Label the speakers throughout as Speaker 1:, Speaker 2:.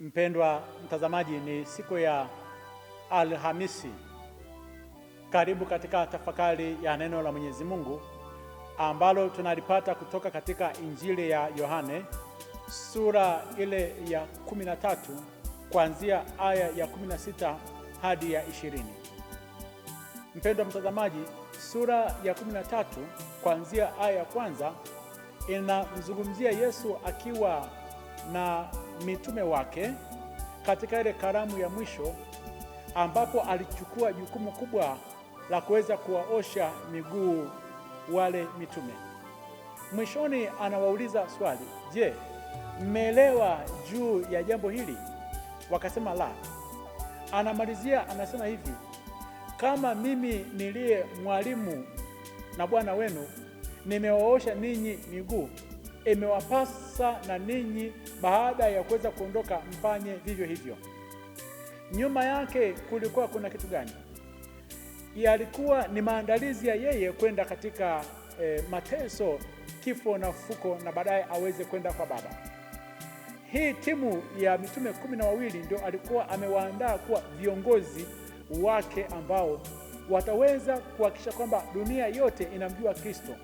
Speaker 1: Mpendwa mtazamaji, ni siku ya Alhamisi. Karibu katika tafakari ya neno la Mwenyezi Mungu ambalo tunalipata kutoka katika Injili ya Yohane sura ile ya 13 kuanzia aya ya 16 hadi ya 20. Mpendwa mtazamaji, sura ya 13 kuanzia aya ya kwanza inamzungumzia Yesu akiwa na mitume wake katika ile karamu ya mwisho ambapo alichukua jukumu kubwa la kuweza kuwaosha miguu wale mitume. Mwishoni anawauliza swali, je, mmeelewa juu ya jambo hili? Wakasema la. Anamalizia anasema hivi, kama mimi niliye mwalimu na bwana wenu nimewaosha ninyi miguu, imewapasa na ninyi baada ya kuweza kuondoka, mfanye vivyo hivyo. Nyuma yake kulikuwa kuna kitu gani? Yalikuwa ni maandalizi ya yeye kwenda katika e, mateso, kifo na fuko na baadaye aweze kwenda kwa Baba. Hii timu ya mitume kumi na wawili ndio alikuwa amewaandaa kuwa viongozi wake ambao wataweza kuhakikisha kwamba dunia yote inamjua Kristo,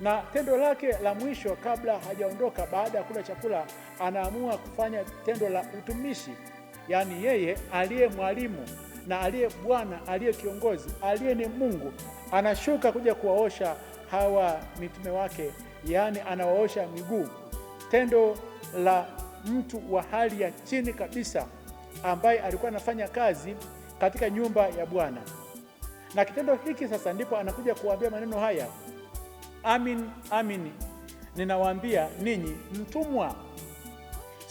Speaker 1: na tendo lake la mwisho kabla hajaondoka, baada ya kula chakula anaamua kufanya tendo la utumishi, yaani yeye aliye mwalimu na aliye bwana, aliye kiongozi, aliye ni Mungu anashuka kuja kuwaosha hawa mitume wake, yaani anawaosha miguu. Tendo la mtu wa hali ya chini kabisa ambaye alikuwa anafanya kazi katika nyumba ya Bwana. Na kitendo hiki sasa, ndipo anakuja kuwaambia maneno haya, amin, amin, ninawaambia ninyi, mtumwa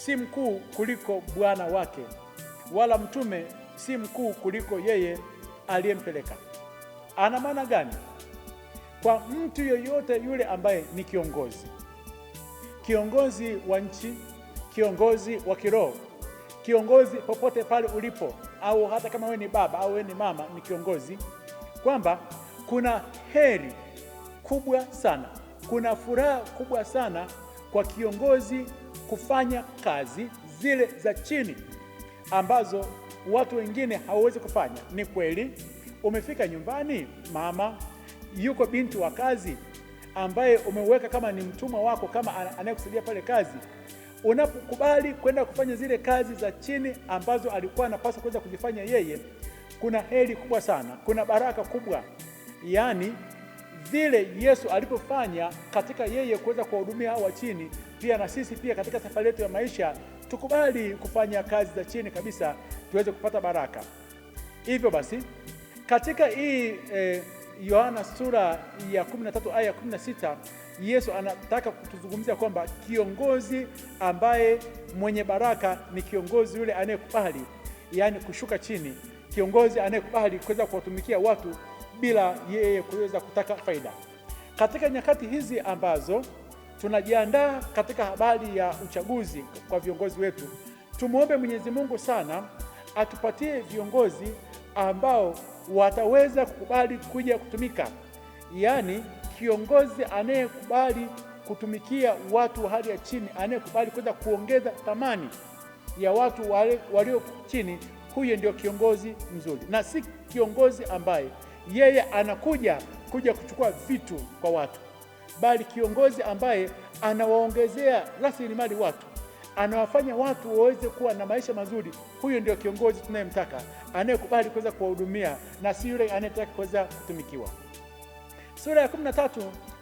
Speaker 1: si mkuu kuliko bwana wake, wala mtume si mkuu kuliko yeye aliyempeleka. Ana maana gani? Kwa mtu yoyote yule ambaye ni kiongozi, kiongozi wa nchi, kiongozi wa kiroho, kiongozi popote pale ulipo, au hata kama wewe ni baba au wewe ni mama, ni kiongozi, kwamba kuna heri kubwa sana, kuna furaha kubwa sana kwa kiongozi kufanya kazi zile za chini ambazo watu wengine hawawezi kufanya. Ni kweli, umefika nyumbani, mama, yuko binti wa kazi ambaye umeweka kama ni mtumwa wako, kama anayekusaidia pale kazi. Unapokubali kwenda kufanya zile kazi za chini ambazo alikuwa anapaswa kuweza kuzifanya yeye, kuna heri kubwa sana, kuna baraka kubwa, yaani vile Yesu alivyofanya katika yeye kuweza kuwahudumia hao wa chini, pia na sisi pia katika safari yetu ya maisha tukubali kufanya kazi za chini kabisa tuweze kupata baraka. Hivyo basi katika hii eh, Yohana sura ya 13 aya ya 16 Yesu anataka kutuzungumzia kwamba kiongozi ambaye mwenye baraka ni kiongozi yule anayekubali, yaani kushuka chini, kiongozi anayekubali kuweza kuwatumikia watu bila yeye kuweza kutaka faida. Katika nyakati hizi ambazo tunajiandaa katika habari ya uchaguzi kwa viongozi wetu, tumwombe Mwenyezi Mungu sana atupatie viongozi ambao wataweza kukubali kuja kutumika, yaani kiongozi anayekubali kutumikia watu wa hali ya chini, anayekubali kuweza kuongeza thamani ya watu walio chini, huyo ndio kiongozi mzuri na si kiongozi ambaye yeye anakuja kuja kuchukua vitu kwa watu, bali kiongozi ambaye anawaongezea rasilimali watu, anawafanya watu waweze kuwa na maisha mazuri, huyo ndio kiongozi tunayemtaka, anayekubali kuweza kuwahudumia na si yule anayetaka kuweza kutumikiwa. Sura ya 13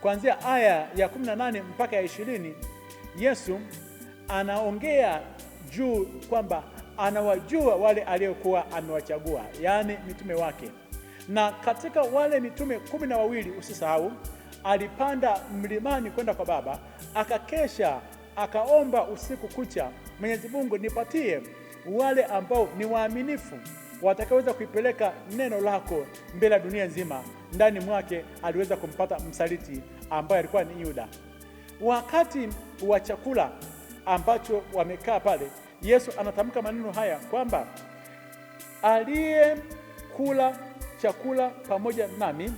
Speaker 1: kuanzia aya ya 18 mpaka ya ishirini, Yesu anaongea juu kwamba anawajua wale aliyokuwa amewachagua, yaani mitume wake. Na katika wale mitume kumi na wawili, usisahau alipanda mlimani kwenda kwa Baba, akakesha, akaomba usiku kucha, Mwenyezi Mungu, nipatie wale ambao ni waaminifu watakaweza kuipeleka neno lako mbele ya dunia nzima. Ndani mwake aliweza kumpata msaliti ambaye alikuwa ni Yuda. Wakati wa chakula ambacho wamekaa pale, Yesu anatamka maneno haya kwamba aliyekula chakula pamoja nami,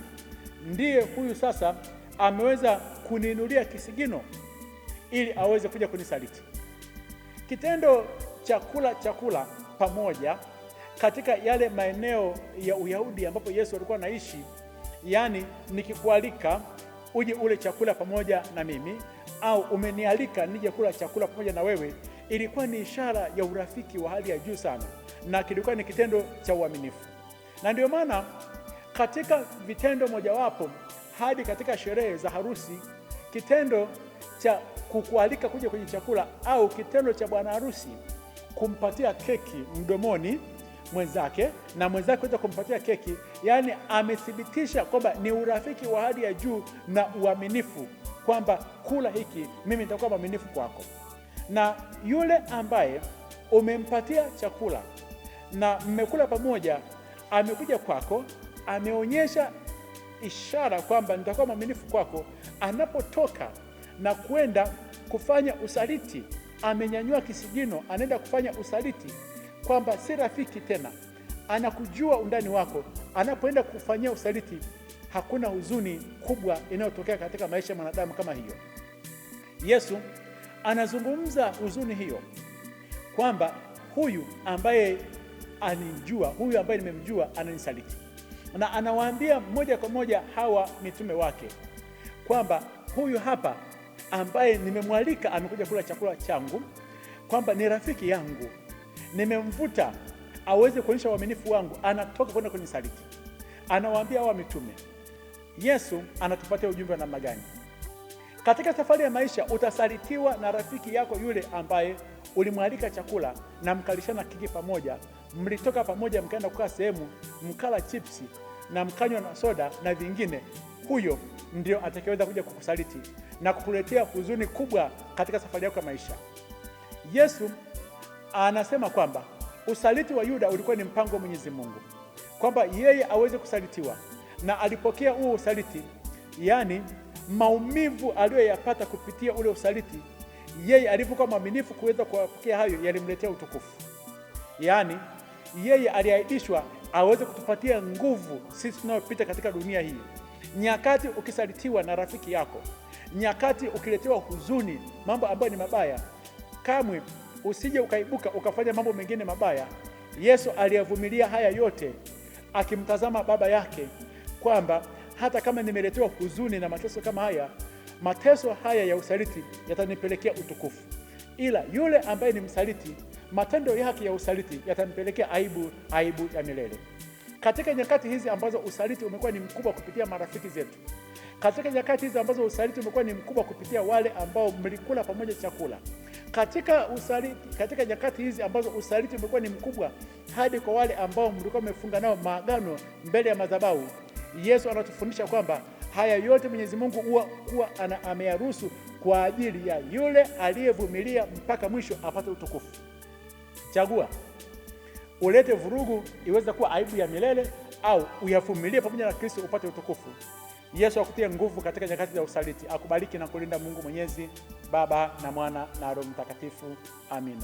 Speaker 1: ndiye huyu sasa ameweza kuniinulia kisigino ili aweze kuja kunisaliti. Kitendo cha kula chakula pamoja katika yale maeneo ya Uyahudi ambapo Yesu alikuwa anaishi, yaani nikikualika uje ule chakula pamoja na mimi au umenialika nije kula chakula pamoja na wewe, ilikuwa ni ishara ya urafiki wa hali ya juu sana, na kilikuwa ni kitendo cha uaminifu. Na ndio maana katika vitendo mojawapo hadi katika sherehe za harusi, kitendo cha kukualika kuja kwenye chakula au kitendo cha bwana harusi kumpatia keki mdomoni mwenzake na mwenzake kuweza kumpatia keki, yaani amethibitisha kwamba ni urafiki wa hali ya juu na uaminifu, kwamba kula hiki, mimi nitakuwa mwaminifu kwako. Na yule ambaye umempatia chakula na mmekula pamoja amekuja kwako, ameonyesha ishara kwamba nitakuwa mwaminifu kwako. Anapotoka na kwenda kufanya usaliti, amenyanyua kisigino, anaenda kufanya usaliti, kwamba si rafiki tena, anakujua undani wako. Anapoenda kufanyia usaliti, hakuna huzuni kubwa inayotokea katika maisha ya mwanadamu kama hiyo. Yesu anazungumza huzuni hiyo kwamba huyu ambaye anijua, huyu ambaye nimemjua ananisaliti. Na anawaambia moja kwa moja hawa mitume wake kwamba huyu hapa ambaye nimemwalika amekuja kula chakula changu, kwamba ni rafiki yangu, nimemvuta aweze kuonyesha uaminifu wangu, anatoka kwenda kwenye saliti. Anawaambia hawa mitume. Yesu anatupatia ujumbe wa namna gani katika safari ya maisha? Utasalitiwa na rafiki yako yule ambaye ulimwalika chakula na mkalishana kiki pamoja, mlitoka pamoja mkaenda kukaa sehemu mkala chipsi na mkanywa na soda na vingine, huyo ndio atakayeweza kuja kukusaliti na kukuletea huzuni kubwa katika safari yako ya maisha. Yesu anasema kwamba usaliti wa Yuda ulikuwa ni mpango wa Mwenyezi Mungu kwamba yeye aweze kusalitiwa, na alipokea huo usaliti, yaani maumivu aliyoyapata kupitia ule usaliti, yeye alivyokuwa mwaminifu kuweza kuwapokea hayo, yalimletea utukufu, yaani yeye aliaidishwa aweze kutupatia nguvu sisi tunayopita katika dunia hii. Nyakati ukisalitiwa na rafiki yako, nyakati ukiletewa huzuni, mambo ambayo ni mabaya, kamwe usije ukaibuka ukafanya mambo mengine mabaya. Yesu aliyavumilia haya yote akimtazama Baba yake, kwamba hata kama nimeletewa huzuni na mateso kama haya, mateso haya ya usaliti yatanipelekea utukufu ila yule ambaye ni msaliti, matendo yake ya usaliti yatampelekea aibu, aibu ya milele. Katika nyakati hizi ambazo usaliti umekuwa ni mkubwa kupitia marafiki zetu, katika nyakati hizi ambazo usaliti umekuwa ni mkubwa kupitia wale ambao mlikula pamoja chakula, katika usaliti, katika nyakati hizi ambazo usaliti umekuwa ni mkubwa hadi kwa wale ambao mlikuwa mmefunga nao maagano mbele ya madhabahu, Yesu anatufundisha kwamba haya yote Mwenyezi Mungu huwa kuwa ameyaruhusu kwa ajili ya yule aliyevumilia mpaka mwisho apate utukufu. Chagua ulete vurugu iweze kuwa aibu ya milele, au uyavumilie pamoja na Kristo upate utukufu. Yesu akutie nguvu katika nyakati za usaliti. Akubariki na kulinda Mungu Mwenyezi, Baba na Mwana na Roho Mtakatifu. Amina.